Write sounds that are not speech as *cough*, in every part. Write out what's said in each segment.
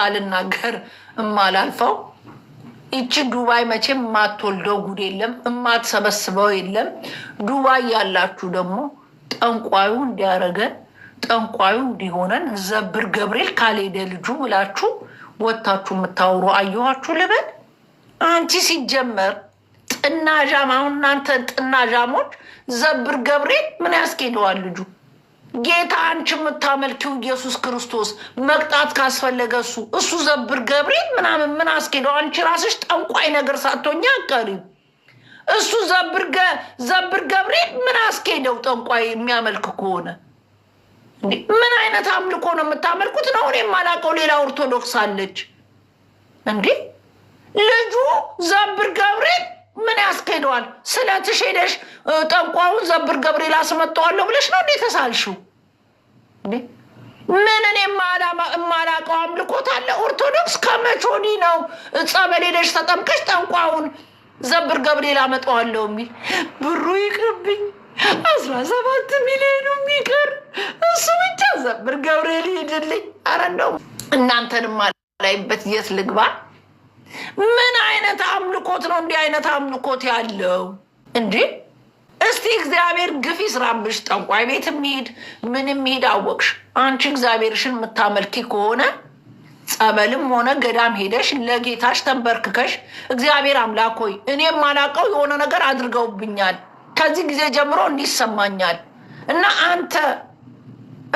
ሳልናገር እማላልፈው ይቺ ዱባይ መቼም የማትወልደው ጉድ የለም፣ የማትሰበስበው የለም። ዱባይ ያላችሁ ደግሞ ጠንቋዩ እንዲያረገን ጠንቋዩ እንዲሆነን ዘብር ገብርኤል ካልሄደ ልጁ ብላችሁ ወታችሁ የምታወሩ አየኋችሁ ልበል። አንቺ ሲጀመር ጥናዣም አሁን እናንተ ጥናዣሞች ዘብር ገብርኤል ምን ያስኬደዋል ልጁ? ጌታ አንቺ የምታመልኪው ኢየሱስ ክርስቶስ መቅጣት ካስፈለገ እሱ እሱ ዘብር ገብርኤል ምናምን ምን አስኬደው አንቺ ራስሽ ጠንቋይ ነገር ሳቶኛ አቀሪ እሱ ዘብር ገብርኤል ምን አስኬደው ጠንቋይ የሚያመልክ ከሆነ ምን አይነት አምልኮ ነው የምታመልኩት? ነው እኔ የማላውቀው። ሌላ ኦርቶዶክስ አለች እንዴ ልጁ ዘብር ገብርኤል ምን ያስኬደዋል? ስለትሽ ሄደሽ ጠንቋውን ዘብር ገብርኤል አስመጣዋለሁ ብለሽ ነው እንዴ ተሳልሽው? ምን እኔ የማላውቀው አምልኮት አለ? ኦርቶዶክስ ከመቾኒ ነው ጸበል ሄደሽ ተጠምቀሽ ጠንቋውን ዘብር ገብርኤል አመጣዋለሁ የሚል? ብሩ ይቅርብኝ አስራ ሰባት ሚሊዮኑ የሚቀር እሱ ብቻ ዘብር ገብርኤል ይሄድልኝ። አረ እንደው እናንተንም አላይበት የት ልግባ? ምን አይነት አምልኮት ነው እንዲህ አይነት አምልኮት ያለው እንዴ? እስቲ እግዚአብሔር ግፊ ስራብሽ፣ ጠንቋይ ቤት የሚሄድ ምን የሚሄድ አወቅሽ። አንቺ እግዚአብሔርሽን የምታመልኪ ከሆነ ጸበልም ሆነ ገዳም ሄደሽ ለጌታሽ ተንበርክከሽ እግዚአብሔር አምላክ ሆይ እኔ የማላውቀው የሆነ ነገር አድርገውብኛል፣ ከዚህ ጊዜ ጀምሮ እንዲሰማኛል እና አንተ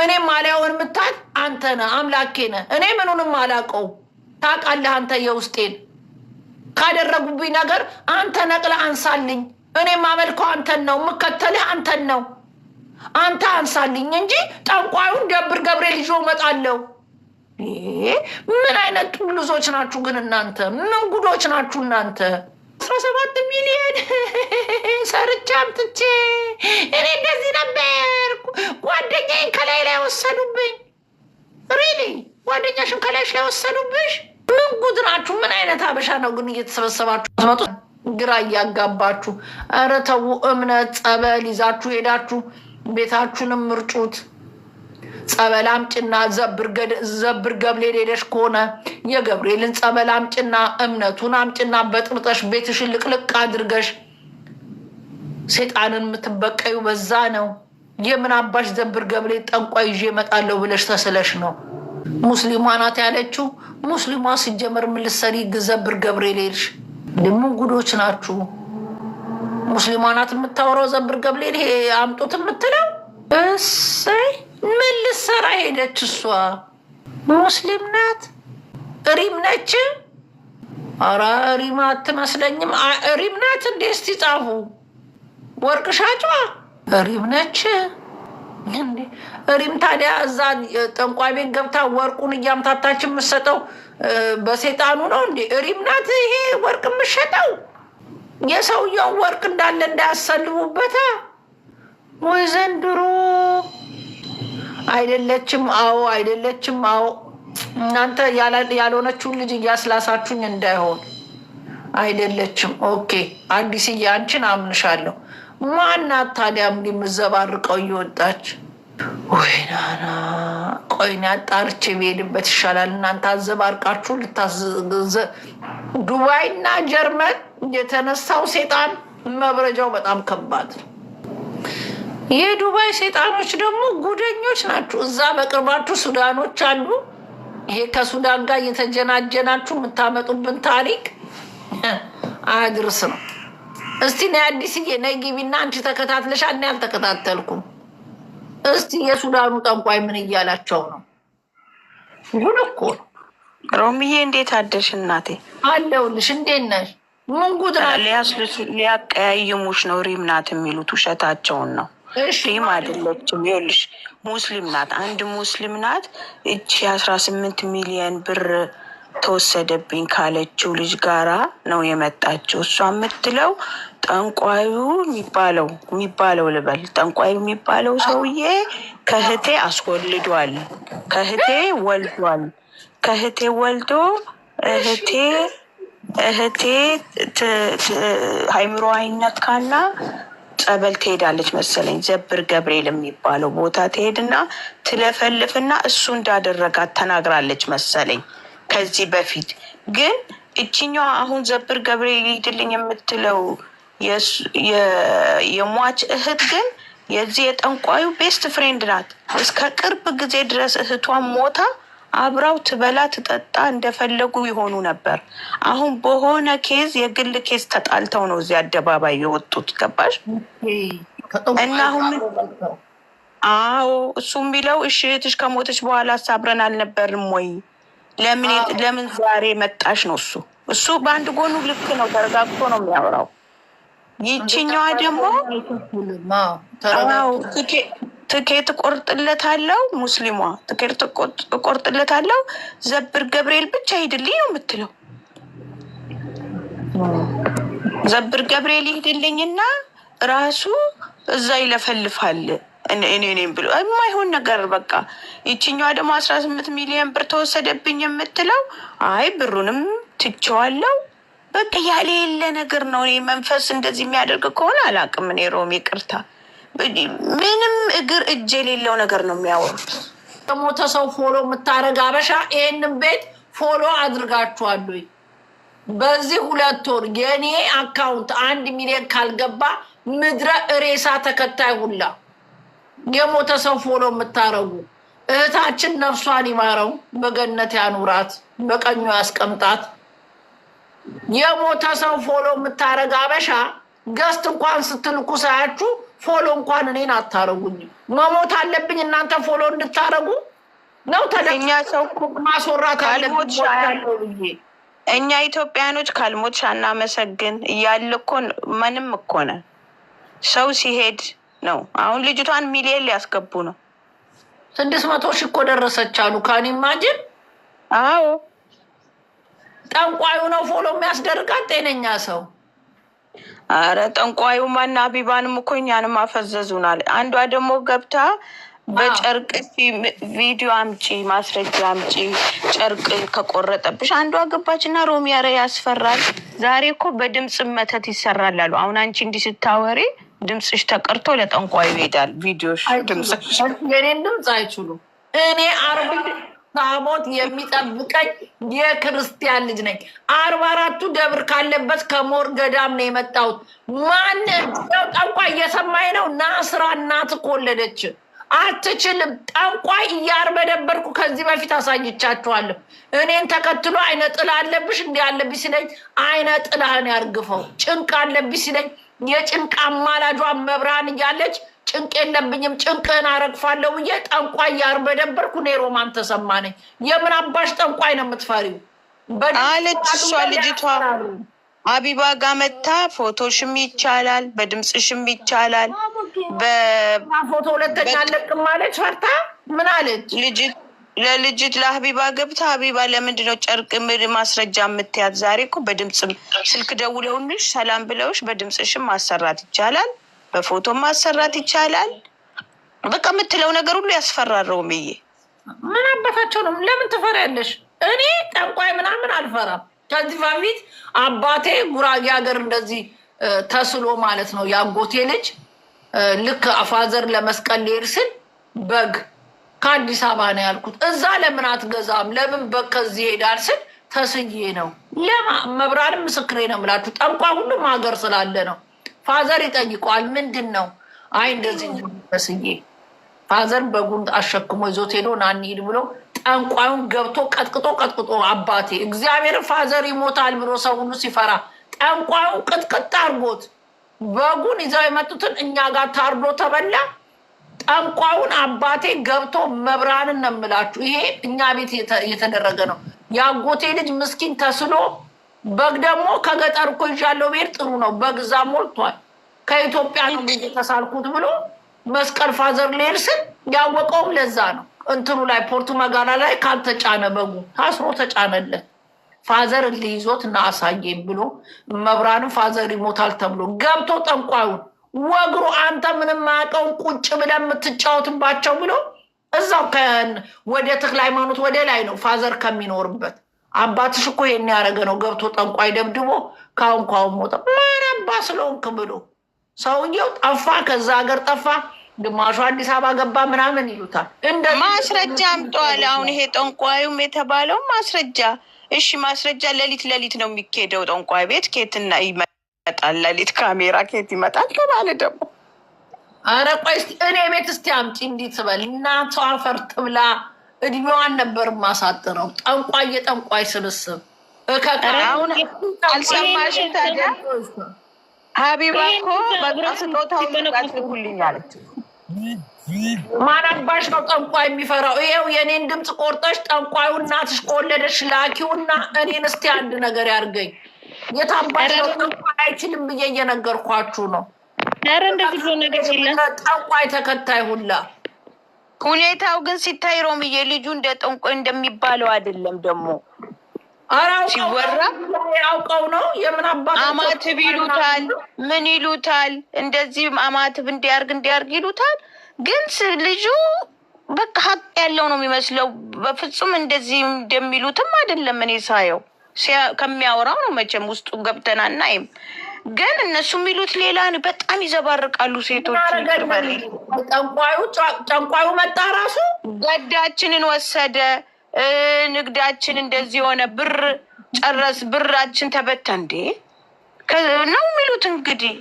እኔ ማሊያውን ምታት አንተ ነህ አምላኬ ነህ፣ እኔ ምኑንም አላቀው። ታውቃለህ አንተ የውስጤን ካደረጉብኝ ነገር አንተ ነቅለ አንሳልኝ። እኔ ማመልከው አንተን ነው፣ የምከተልህ አንተን ነው። አንተ አንሳልኝ እንጂ ጠንቋዩን ደብር ገብርኤል ልጆ እመጣለሁ። ምን አይነት ጡልዞች ናችሁ ግን እናንተ? ምን ጉዶች ናችሁ እናንተ? አስራ ሰባት ሚሊዮን *laughs* ሰርቼ አምጥቼ እኔ እንደዚህ ነበር። ጓደኛዬን ከላይ ላይ ወሰዱብኝ። ሪሊ ጓደኛሽን ከላይሽ ላይ ወሰዱብሽ። ምን ጉድ ናችሁ? ምን አይነት ሀበሻ ነው ግን እየተሰበሰባችሁ መጡ? ግራ እያጋባችሁ። ኧረ ተው፣ እምነት ጸበል ይዛችሁ ሄዳችሁ ቤታችሁንም ምርጩት። ጸበል አምጭና ዘብር ገብርኤል ሄደሽ ከሆነ የገብርኤልን ጸበል አምጭና እምነቱን አምጭና በጥብጠሽ ቤትሽን ልቅልቅ አድርገሽ ሴጣንን የምትበቀዩ በዛ ነው። የምን አባሽ ዘብር ገብርኤል ጠንቋይ ይዤ እመጣለሁ ብለሽ ተስለሽ ነው። ሙስሊሟ ናት ያለችው። ሙስሊሟ ሲጀመር ምልሰሪ ግዘብር ገብርኤል ሄድሽ ደግሞ ጉዶች ናችሁ። ሙስሊሟ ናት የምታወራው። ዘብር ገብርኤል ይሄ አምጡት የምትለው እሰይ ምን ልሰራ ሄደች እሷ ሙስሊም ናት። ሪም ነች። አራ ሪም አትመስለኝም። ሪም ናት እንዴ? እስቲ ጻፉ። ወርቅ ሻጯ ሪም ነች። ሪም ታዲያ እዛ ጠንቋይ ቤት ገብታ ወርቁን እያምታታች የምትሰጠው በሴጣኑ ነው እንዴ? ሪም ናት ይሄ ወርቅ የምትሸጠው? የሰውየውን ወርቅ እንዳለ እንዳያሰልቡበት ወይ ዘንድሮ አይደለችም። አዎ አይደለችም። አዎ እናንተ ያልሆነችውን ልጅ እያስላሳችሁኝ እንዳይሆን አይደለችም። ኦኬ አዲስዬ፣ አንቺን አምንሻለሁ። ማናት ታዲያ እንዲምዘባርቀው እየወጣች ወይናና ቆይን ጣርቼ ብሄድበት ይሻላል። እናንተ አዘባርቃችሁ ዱባይ ዱባይና ጀርመን የተነሳው ሴጣን መብረጃው በጣም ከባድ ነው። የዱባይ ሴጣኖች ደግሞ ጉደኞች ናቸው። እዛ በቅርባችሁ ሱዳኖች አሉ። ይሄ ከሱዳን ጋር እየተጀናጀናችሁ የምታመጡብን ታሪክ አያድርስ ነው። እስቲ ና አዲስዬ ነይ ግቢና አንቺ ተከታትለሽ እና ያልተከታተልኩም። እስቲ የሱዳኑ ጠንቋይ ምን እያላቸው ነው? ጉድ እኮ ነው። ሮሚዬ እንዴት አደርሽ እናቴ? አለሁልሽ። እንዴት ነሽ? ምን ጉድ ሊያቀያይሙሽ ነው። ሪም ናት የሚሉት ውሸታቸውን ነው። ሪም አይደለችም። ይኸውልሽ ሙስሊም ናት። አንድ ሙስሊም ናት። እቺ አስራ ስምንት ሚሊየን ብር ተወሰደብኝ ካለችው ልጅ ጋራ ነው የመጣችው። እሷ የምትለው ጠንቋዩ የሚባለው የሚባለው ልበል ጠንቋዩ የሚባለው ሰውዬ ከህቴ አስወልዷል፣ ከህቴ ወልዷል፣ ከህቴ ወልዶ እህቴ እህቴ ሀይምሮ አይነት ካላ ጸበል ትሄዳለች መሰለኝ። ዘብር ገብርኤል የሚባለው ቦታ ትሄድና ትለፈልፍና እሱ እንዳደረጋት ተናግራለች መሰለኝ። ከዚህ በፊት ግን እችኛዋ አሁን ዘብር ገብሬ ይድልኝ የምትለው የሟች እህት ግን የዚህ የጠንቋዩ ቤስት ፍሬንድ ናት። እስከ ቅርብ ጊዜ ድረስ እህቷን ሞታ አብራው ትበላ ትጠጣ እንደፈለጉ የሆኑ ነበር። አሁን በሆነ ኬዝ የግል ኬዝ ተጣልተው ነው እዚህ አደባባይ የወጡት። ገባሽ? እና አሁን አዎ፣ እሱ የሚለው እሺ እህትሽ ከሞተች በኋላ አብረን አልነበርም ወይ ለምን ዛሬ መጣሽ ነው እሱ እሱ በአንድ ጎኑ ልክ ነው፣ ተረጋግቶ ነው የሚያወራው። ይችኛዋ ደግሞ ትኬት እቆርጥለታለሁ፣ ሙስሊሟ ትኬት እቆርጥለታለሁ፣ ዘብር ገብርኤል ብቻ ሂድልኝ ነው የምትለው። ዘብር ገብርኤል ይሄድልኝና ራሱ እዛ ይለፈልፋል። እኔ ብሎ የማይሆን ነገር በቃ ይችኛዋ ደግሞ አስራ ስምንት ሚሊዮን ብር ተወሰደብኝ የምትለው አይ ብሩንም ትቸዋለው በቃ ያለ የለ ነገር ነው። እኔ መንፈስ እንደዚህ የሚያደርግ ከሆነ አላቅም። እኔ ሮሚ ይቅርታ፣ ምንም እግር እጅ የሌለው ነገር ነው የሚያወሩት። ከሞተ ሰው ፎሎ የምታደረግ አበሻ ይህንም ቤት ፎሎ አድርጋችኋሉ። በዚህ ሁለት ወር የእኔ አካውንት አንድ ሚሊዮን ካልገባ ምድረ ሬሳ ተከታይ ሁላ የሞተ ሰው ፎሎ የምታረጉ እህታችን ነፍሷን ይማረው፣ በገነት ያኑራት፣ በቀኙ ያስቀምጣት። የሞተ ሰው ፎሎ የምታረግ አበሻ ገስት እንኳን ስትልኩ ሳያችሁ ፎሎ እንኳን እኔን አታረጉኝ። መሞት አለብኝ እናንተ ፎሎ እንድታረጉ ነው። ተለኛ ሰው ማስወራ እኛ ኢትዮጵያኖች ካልሞት ሳናመሰግን እያለ ምንም እኮ ነን ሰው ሲሄድ ነው። አሁን ልጅቷን ሚሊየን ሊያስገቡ ነው። ስድስት መቶ ሺህ እኮ ደረሰች አሉ። ካን ኢማጅን። አዎ ጠንቋዩ ነው ፎሎ የሚያስደርጋት ጤነኛ ሰው። አረ ጠንቋዩ ማና ቢባንም እኮ እኛንም አፈዘዙናል። አንዷ ደግሞ ገብታ በጨርቅ ቪዲዮ አምጪ ማስረጃ አምጪ ጨርቅ ከቆረጠብሽ አንዷ ገባችና እና ሮሚ ኧረ ያስፈራል። ዛሬ እኮ በድምፅ መተት ይሰራል አሉ። አሁን አንቺ እንዲህ ድምፅሽ ተቀርቶ ለጠንቋዩ ይሄዳል። ቪዲዮሽ የኔን ድምፅ አይችሉም። እኔ አርብ ታቦት የሚጠብቀኝ የክርስቲያን ልጅ ነኝ። አርባ አራቱ ደብር ካለበት ከሞር ገዳም ነው የመጣሁት። ማን ጠንቋ እየሰማኝ ነው። ናስራ ስራ እናት ከወለደች አትችልም። ጠንቋይ እያርበደበርኩ ከዚህ በፊት አሳይቻችኋለሁ። እኔን ተከትሎ አይነ ጥላ አለብሽ እንዲ አለብሽ ሲለኝ አይነ ጥላህን ያርግፈው፣ ጭንቅ አለብሽ ሲለኝ የጭንቅ አማላጇ መብራን እያለች ጭንቅ የለብኝም ጭንቅህን አረግፋለሁ ብዬ ጠንቋይ ያርበደበርኩ እኔ ሮማን ተሰማ ነኝ። የምን አባሽ ጠንቋይ ነው የምትፈሪው? አለች እሷ ልጅቷ አቢባ ጋ መታ። ፎቶሽም ይቻላል፣ በድምፅሽም ይቻላል። ፎቶ ሁለተኛ አለቅም አለች። ፈርታ ምን አለች ልጅት ለልጅት ለሀቢባ ገብታ ሀቢባ ለምንድን ነው ጨርቅ ምድ ማስረጃ የምትያት? ዛሬ እኮ በድምፅም ስልክ ደውለውንሽ ሰላም ብለውሽ በድምፅሽም ማሰራት ይቻላል፣ በፎቶም ማሰራት ይቻላል። በቃ የምትለው ነገር ሁሉ ያስፈራረውም ዬ ምን አባታቸው ነው? ለምን ትፈሪያለሽ? እኔ ጠንቋይ ምናምን አልፈራም። ከዚህ በፊት አባቴ ጉራጌ ሀገር እንደዚህ ተስሎ ማለት ነው ያጎቴ ልጅ ልክ አፋዘር ለመስቀል ሊሄድ ስል በግ ከአዲስ አበባ ነው ያልኩት። እዛ ለምን አትገዛም? ለምን ከዚህ ሄዳል ስል ተስዬ ነው ለማ መብራንም ምስክሬ ነው የምላችሁ። ጠንቋ ሁሉም ሀገር ስላለ ነው። ፋዘር ይጠይቋል። ምንድን ነው? አይ እንደዚህ ተስዬ ፋዘር በጉን አሸክሞ ይዞት ሄዶ ናንሂድ ብሎ ጠንቋዩን ገብቶ ቀጥቅጦ ቀጥቅጦ አባቴ እግዚአብሔር ፋዘር ይሞታል ብሎ ሰው ሁሉ ሲፈራ ጠንቋዩን ቅጥቅጥ አርጎት በጉን ይዘው የመጡትን እኛ ጋር ታርዶ ተበላ። ጠንቋውን አባቴ ገብቶ መብራንን ነው የምላችሁ። ይሄ እኛ ቤት የተደረገ ነው። የአጎቴ ልጅ ምስኪን ተስሎ በግ ደግሞ ከገጠር እኮ ይዣለው ብሄድ ጥሩ ነው። በግዛ ሞልቷል። ከኢትዮጵያ ነው የተሳልኩት ብሎ መስቀል ፋዘር ልሄድ ያወቀውም ለዛ ነው። እንትኑ ላይ ፖርቱ መጋላ ላይ ካልተጫነ በጉ ታስሮ ተጫነለት። ፋዘር ሊይዞት እና አሳየኝ ብሎ መብራንም ፋዘር ይሞታል ተብሎ ገብቶ ጠንቋዩን ወግሩ አንተ ምንም ማያውቀውን ቁጭ ብለ የምትጫወትባቸው ብሎ እዛው ወደ ተክለ ሃይማኖት ወደ ላይ ነው ፋዘር ከሚኖርበት አባትሽ እኮ ይሄን ያደረገ ነው ገብቶ ጠንቋይ ደብድቦ ካሁን ካሁን ሞተ ማን አባ ስለሆንክ ብሎ ሰውየው ጠፋ፣ ከዛ ሀገር ጠፋ፣ ግማሹ አዲስ አበባ ገባ ምናምን ይሉታል። እንደ ማስረጃ አምጠዋል። አሁን ይሄ ጠንቋዩም የተባለው ማስረጃ እሺ፣ ማስረጃ ሌሊት ሌሊት ነው የሚካሄደው ጠንቋይ ቤት ኬትና ይመ ይመጣል ለሊት ካሜራ ኬት ይመጣል ተባለ። ደግሞ አረ ቆይ እስኪ እኔ ቤት እስቲ አምጪ እንዲት ስበል እናቷ ፈርት ብላ እድሜዋን ነበር ማሳጥረው። ጠንቋይ የጠንቋይ ስብስብ አልሰማሽም? ታዲያ ሀቢባ እኮ በቃ ስጦታውን ልኩልኝ አለች። ማናባሽ ነው ጠንቋይ የሚፈራው? ይኸው የእኔን ድምፅ ቆርጠሽ ጠንቋዩ እናትሽ ከወለደሽ ላኪውና እኔን እስቲ አንድ ነገር ያርገኝ የታምባሽ ጠንቋይ አይችልም ብዬ እየነገርኳችሁ ነው። ኧረ እንደዚህ ነገር የለም። ጠንቋይ ተከታይ ሁላ ሁኔታው ግን ሲታይ ሮምዬ ልጁ እንደ ጠንቋይ እንደሚባለው አይደለም። ደግሞ ሲወራ ያውቀው ነው የምን አባ አማትብ ይሉታል፣ ምን ይሉታል፣ እንደዚህ አማትብ እንዲያርግ እንዲያርግ ይሉታል። ግን ልጁ በቃ ሀቅ ያለው ነው የሚመስለው። በፍጹም እንደዚህ እንደሚሉትም አይደለም እኔ ሳየው ከሚያወራው ነው መቼም ውስጡ ገብተና እናይም። ግን እነሱ የሚሉት ሌላ ነው። በጣም ይዘባርቃሉ ሴቶች። ጨንቋዩ መጣ ራሱ ገዳችንን ወሰደ፣ ንግዳችን እንደዚህ የሆነ ብር ጨረስ፣ ብራችን ተበታ እንዴ ነው የሚሉት እንግዲህ።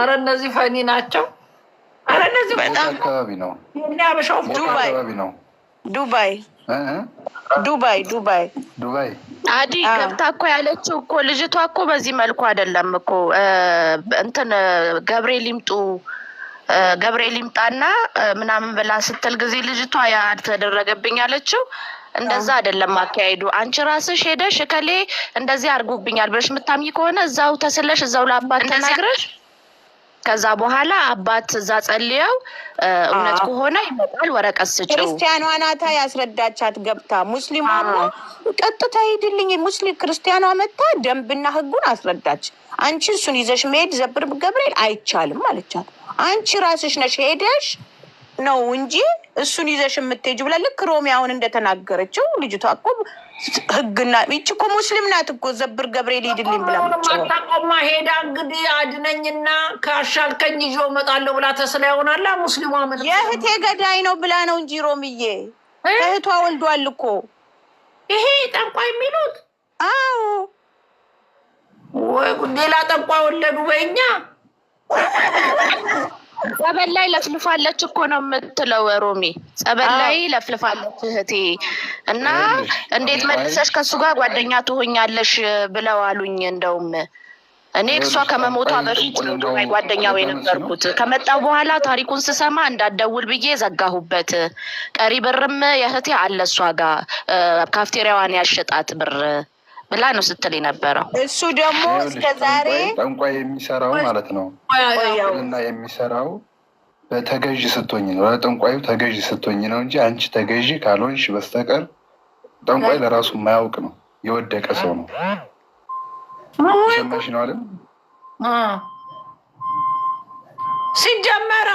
አረ እነዚህ ፈኒ ናቸው። አረ እነዚህ በጣም አካባቢ ነው ነው ዱባይ ዱባይ ዱባይ ዱባይ አዲ ገብታ እኮ ያለችው እኮ ልጅቷ እኮ በዚህ መልኩ አይደለም እኮ እንትን ገብርኤል ይምጡ ገብርኤል ይምጣና ምናምን ብላ ስትል ጊዜ ልጅቷ ያ ተደረገብኝ ያለችው እንደዛ አይደለም አካሄዱ። አንቺ ራስሽ ሄደሽ እከሌ እንደዚህ አድርጎብኛል ብለሽ የምታምኚ ከሆነ እዛው ተስለሽ እዛው ለአባት ተናግረሽ ከዛ በኋላ አባት እዛ ጸልየው እውነት ከሆነ ይመጣል ወረቀት ስጭው። ክርስቲያኗ ናታ ያስረዳቻት ገብታ ሙስሊሟ ቀጥታ ሂድልኝ ሙስሊም ክርስቲያኗ መታ ደንብና ህጉን አስረዳች። አንቺ እሱን ይዘሽ መሄድ ዘብር ገብርኤል አይቻልም አለቻት። አንቺ ራስሽ ነሽ ሄደሽ ነው እንጂ እሱን ይዘሽ የምትሄጅ ብላ ልክ ሮሚ አሁን እንደተናገረችው ልጅቷ እኮ ህግና ይቺ እኮ ሙስሊም ናት እኮ ዘብር ገብርኤል ሄድልኝ ብላ ማታቆማ ሄዳ እንግዲህ አድነኝና ከአሻልከኝ ይዞ መጣለሁ ብላ ተስላ ይሆናላ ሙስሊሟ የእህቴ ገዳይ ነው ብላ ነው እንጂ ሮሚዬ እህቷ ወልዷል እኮ ይሄ ጠንቋ የሚሉት አዎ ወይ ሌላ ጠንቋ ወለዱ በኛ ጸበል ላይ ለፍልፋለች እኮ ነው የምትለው ሮሚ። ጸበል ላይ ለፍልፋለች እህቴ እና እንዴት መልሰሽ ከእሱ ጋር ጓደኛ ትሆኛለሽ ብለው አሉኝ። እንደውም እኔ እሷ ከመሞቷ በፊት ዱባይ ጓደኛው የነበርኩት ከመጣው በኋላ ታሪኩን ስሰማ እንዳትደውል ብዬ ዘጋሁበት። ቀሪ ብርም የእህቴ አለ እሷ ጋር ካፍቴሪያዋን ያሸጣት ብር ብላ ነው ስትል የነበረው። እሱ ደግሞ እስከዛሬ ጠንቋ የሚሰራው ማለት ነው ና የሚሰራው ተገዥ ስቶኝ ነው። ለጠንቋዩ ተገዥ ስቶኝ ነው እንጂ አንቺ ተገዥ ካልሆንሽ በስተቀር ጠንቋይ ለራሱ የማያውቅ ነው፣ የወደቀ ሰው ነው። ሰማሽ ነው አለም ሲጀመር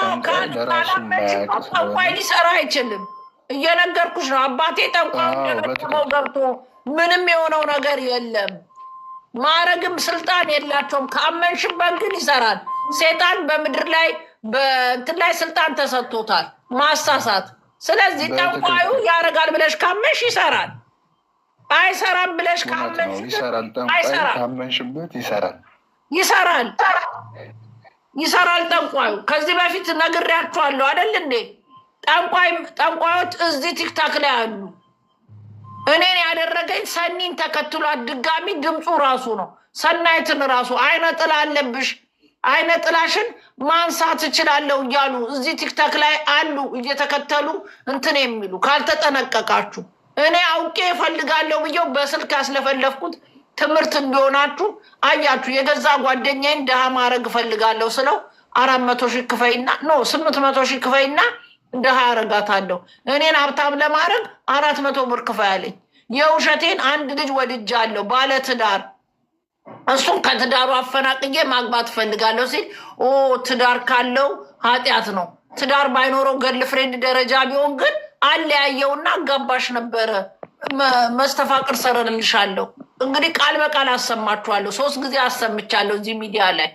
ጠንቋይ ሊሰራ አይችልም። እየነገርኩሽ ነው አባቴ ጠንቋይ ገብቶ ምንም የሆነው ነገር የለም። ማረግም ስልጣን የላቸውም። ከአመንሽበት ግን ይሰራል። ሴጣን በምድር ላይ በእንትን ላይ ስልጣን ተሰጥቶታል ማሳሳት። ስለዚህ ጠንቋዩ ያደርጋል ብለሽ ካመንሽ ይሰራል፣ አይሰራም ብለሽ ካመንሽበት ይሰራል ይሰራል ይሰራል ጠንቋዩ። ከዚህ በፊት ነግሬያቸዋለሁ አደል እንዴ? ጠንቋዮች እዚህ ቲክታክ ላይ አሉ። እኔን ያደረገኝ ሰኒን ተከትሏት ድጋሚ ድምፁ ራሱ ነው። ሰናይትን ራሱ አይነ ጥላ አለብሽ አይነ ጥላሽን ማንሳት እችላለሁ እያሉ እዚህ ቲክታክ ላይ አሉ እየተከተሉ እንትን የሚሉ ካልተጠነቀቃችሁ፣ እኔ አውቄ እፈልጋለሁ ብዬው በስልክ ያስለፈለፍኩት ትምህርት እንዲሆናችሁ አያችሁ። የገዛ ጓደኛዬን ድሃ ማድረግ እፈልጋለሁ ስለው አራት መቶ ሺህ ክፈይና ኖ ስምንት መቶ ሺህ ክፈይና ድሃ አረጋታለሁ እኔን ሀብታም ለማድረግ አራት መቶ ብር አለኝ የውሸቴን አንድ ልጅ ወድጃለሁ፣ ባለ ትዳር እሱን ከትዳሩ አፈናቅዬ ማግባት እፈልጋለሁ ሲል ትዳር ካለው ኃጢአት ነው። ትዳር ባይኖረው ገድል ፍሬንድ ደረጃ ቢሆን ግን አለያየውና አጋባሽ ነበረ መስተፋቅር ሰረንልሻለሁ። እንግዲህ ቃል በቃል አሰማችኋለሁ። ሶስት ጊዜ አሰምቻለሁ እዚህ ሚዲያ ላይ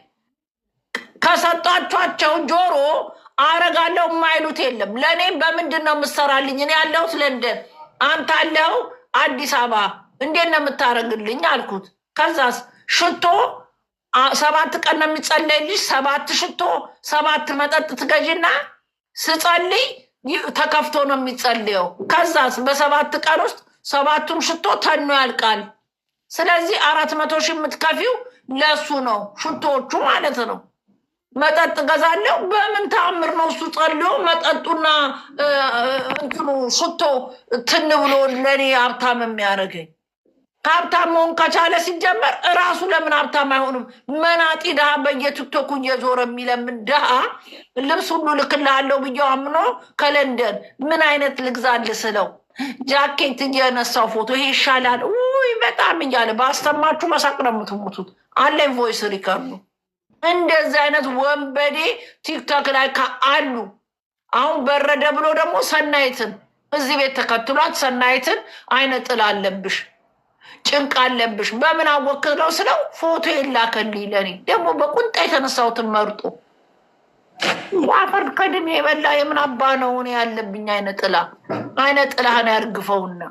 ከሰጣችኋቸው ጆሮ አረጋለሁ የማይሉት የለም። ለእኔም በምንድን ነው የምሰራልኝ? እኔ ያለሁት ለንደን፣ አንተ አለው አዲስ አበባ እንዴት ነው የምታደርግልኝ አልኩት። ከዛስ ሽቶ ሰባት ቀን ነው የሚጸለይልሽ፣ ሰባት ሽቶ ሰባት መጠጥ ትገዥና ስጸልይ ተከፍቶ ነው የሚጸልየው። ከዛስ በሰባት ቀን ውስጥ ሰባቱም ሽቶ ተኖ ያልቃል። ስለዚህ አራት መቶ ሺህ የምትከፊው ለእሱ ነው ሽቶዎቹ ማለት ነው። መጠጥ ገዛለሁ። በምን ተአምር ነው እሱ ጸልዮ መጠጡና እንትኑ ሽቶ ትን ብሎ ለእኔ ሀብታም የሚያደርገኝ? ሀብታም መሆን ከቻለ ሲጀመር እራሱ ለምን ሀብታም አይሆንም? መናጢ ድሃ በየቲክቶኩ እየዞረ የሚለምን ድሃ ልብስ ሁሉ ልክልሃለሁ ብዬው አምኖ ከለንደን ምን አይነት ልግዛል ስለው ጃኬት እየነሳው ፎቶ ይሄ ይሻላል ውይ በጣም እያለ በአስተማችሁ መሳቅ ነው የምትሞቱት። አለኝ ቮይስ ሪከርዱ እንደዚህ አይነት ወንበዴ ቲክቶክ ላይ አሉ። አሁን በረደ ብሎ ደግሞ ሰናይትን እዚህ ቤት ተከትሏት ሰናይትን አይነ ጥላ አለብሽ ጭንቅ አለብሽ በምን አወክለው ስለው ፎቶ የላከልኝ ለኔ ደግሞ በቁንጣ የተነሳሁትን መርጦ አፈር ከድሜ የበላ የምን አባ ነው እኔ ያለብኝ አይነ ጥላ አይነ ጥላህን ያርግፈውና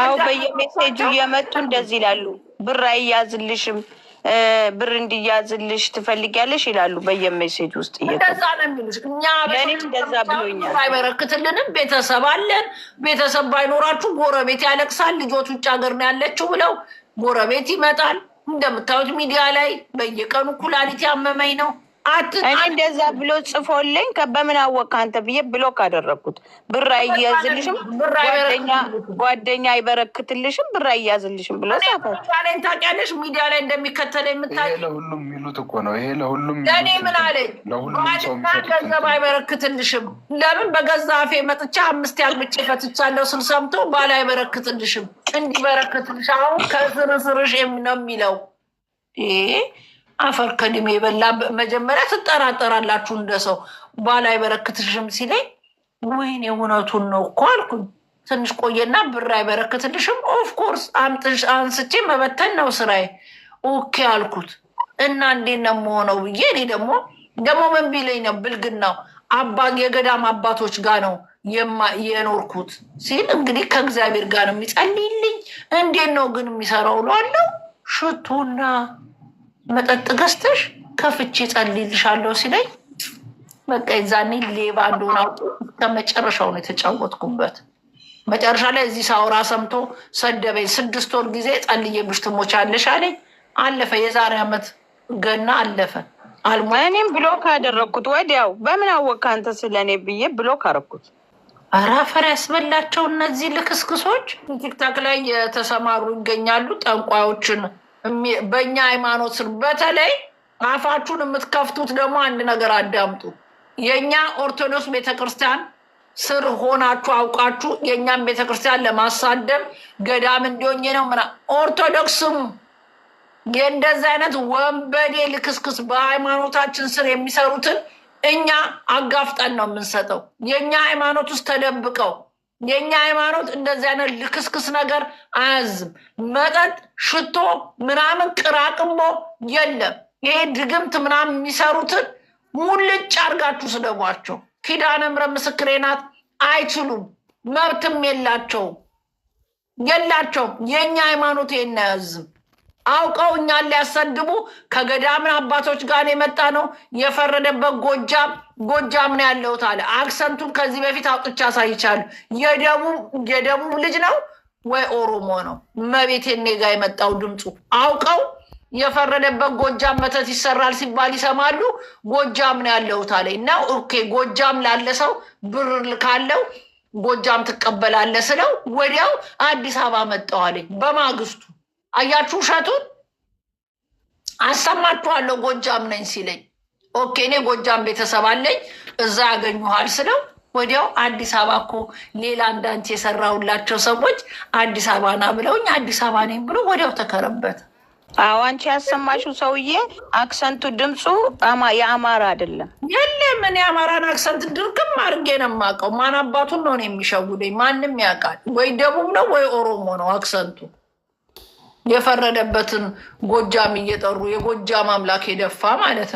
አሁ በየሜሴጁ እየመጡ እንደዚህ ይላሉ ብር አይያዝልሽም ብር እንዲያዝልሽ ትፈልጊያለሽ ይላሉ በየሜሴጅ ውስጥ እዛ ነው የሚሉሽ። እኛም እንደዛ ብሎኛል። አይበረክትልንም ቤተሰብ አለን። ቤተሰብ ባይኖራችሁ ጎረቤት ያለቅሳል። ልጆት ውጭ ሀገር ነው ያለችው ብለው ጎረቤት ይመጣል። እንደምታዩት ሚዲያ ላይ በየቀኑ ኩላሊት ያመመኝ ነው እኔ እንደዛ ብሎ ጽፎልኝ በምን አወቅ አንተ ብዬ ብሎክ አደረግኩት። ብር አይያዝልሽም፣ ጓደኛ አይበረክትልሽም፣ ብር አይያዝልሽም ብሎ ጻፈኝ። ታውቂያለሽ ሚዲያ ላይ እንደሚከተለ የምታውቂው ለሁሉም የሚሉት እኮ ነው። ይሄ ለሁሉም ለእኔ ምን አለኝ፣ ገንዘብ አይበረክትልሽም። ለምን በገዛ አፌ መጥቻ አምስት ያልምጭ ፈትቻለሁ ስል ሰምቶ ባል አይበረክትልሽም፣ እንዲበረክትልሽ አሁን ከስርስርሽ ነው የሚለው ይሄ አፈር ከድሜ የበላ መጀመሪያ ትጠራጠራላችሁ እንደ ሰው ባል አይበረክትሽም ሲለኝ ወይኔ እውነቱን ነው እኮ አልኩኝ። ትንሽ ቆየና ብር አይበረክትልሽም ኦፍኮርስ አምጥሽ አንስቼ መበተን ነው ስራዬ። ኦኬ አልኩት እና እንዴት ነው የምሆነው ብዬ እኔ ደግሞ ደግሞ ምን ቢለኝ ነው ብልግናው አባ የገዳም አባቶች ጋር ነው የኖርኩት ሲል እንግዲህ ከእግዚአብሔር ጋር ነው የሚጸልይልኝ። እንዴት ነው ግን የሚሰራው? ሏለው ሽቱና መጠጥ ገዝተሽ ከፍቼ ጸልልሻለሁ ሲለኝ በቃ የዛኔ ሌባ እንደሆነ አውቆ ከመጨረሻው ነው የተጫወትኩበት። መጨረሻ ላይ እዚህ ሳውራ ሰምቶ ሰደበኝ። ስድስት ወር ጊዜ ጸልዬብሽ ትሞቻለሽ አለኝ። አለፈ። የዛሬ ዓመት ገና አለፈ። እኔም ብሎክ አደረግኩት ወዲያው። በምን አወቅህ አንተ ስለእኔ ብዬ ብሎክ አደረግኩት። ኧረ አፈር ያስበላቸው እነዚህ ልክስክሶች። ቲክታክ ላይ የተሰማሩ ይገኛሉ ጠንቋዮችን በእኛ ሃይማኖት ስር በተለይ አፋችሁን የምትከፍቱት ደግሞ አንድ ነገር አዳምጡ። የእኛ ኦርቶዶክስ ቤተክርስቲያን ስር ሆናችሁ አውቃችሁ የእኛም ቤተክርስቲያን ለማሳደብ ገዳም እንዲሆኝ ነው ምና ኦርቶዶክስም የእንደዚህ አይነት ወንበዴ ልክስክስ በሃይማኖታችን ስር የሚሰሩትን እኛ አጋፍጠን ነው የምንሰጠው። የእኛ ሃይማኖት ውስጥ ተደብቀው የእኛ ሃይማኖት እንደዚህ አይነት ልክስክስ ነገር አያዝም። መጠጥ፣ ሽቶ ምናምን ቅራቅሞ የለም። ይሄ ድግምት ምናምን የሚሰሩትን ሙልጭ አድርጋችሁ ስደቧቸው። ኪዳነ ምሕረት ምስክሬ ናት። አይችሉም፣ መብትም የላቸውም የላቸውም። የእኛ ሃይማኖት ይሄን አያዝም። አውቀው እኛን ሊያሰድቡ ከገዳምን አባቶች ጋር የመጣ ነው የፈረደበት ጎጃም ጎጃም ነው ያለሁት አለ። አክሰንቱን ከዚህ በፊት አውጥቻ አሳይቻለሁ። የደቡብ ልጅ ነው ወይ ኦሮሞ ነው? መቤቴ እኔ ጋ የመጣው ድምፁ አውቀው የፈረደበት ጎጃም መተት ይሰራል ሲባል ይሰማሉ። ጎጃም ነው ያለሁት አለ እና ኦኬ ጎጃም ላለ ሰው ብር ካለው ጎጃም ትቀበላለ ስለው ወዲያው አዲስ አበባ መጠዋለኝ በማግስቱ አያችሁ ውሸቱን አሰማችኋለሁ። ጎጃም ነኝ ሲለኝ ኦኬ፣ እኔ ጎጃም ቤተሰብ አለኝ እዛ ያገኙሃል ስለው ወዲያው አዲስ አበባ እኮ ሌላ አንዳንት የሰራሁላቸው ሰዎች አዲስ አበባ ና ብለውኝ አዲስ አበባ ነኝ ብሎ ወዲያው ተከረበት። አዎ አንቺ ያሰማሽው ሰውዬ አክሰንቱ፣ ድምፁ የአማራ አይደለም። የለም እኔ የአማራን አክሰንት ድርግም አድርጌ ነው የማውቀው። ማን አባቱን ነው የሚሸውደኝ? ማንም ያውቃል። ወይ ደቡብ ነው ወይ ኦሮሞ ነው አክሰንቱ። የፈረደበትን ጎጃም እየጠሩ የጎጃም አምላክ የደፋ ማለት ነው።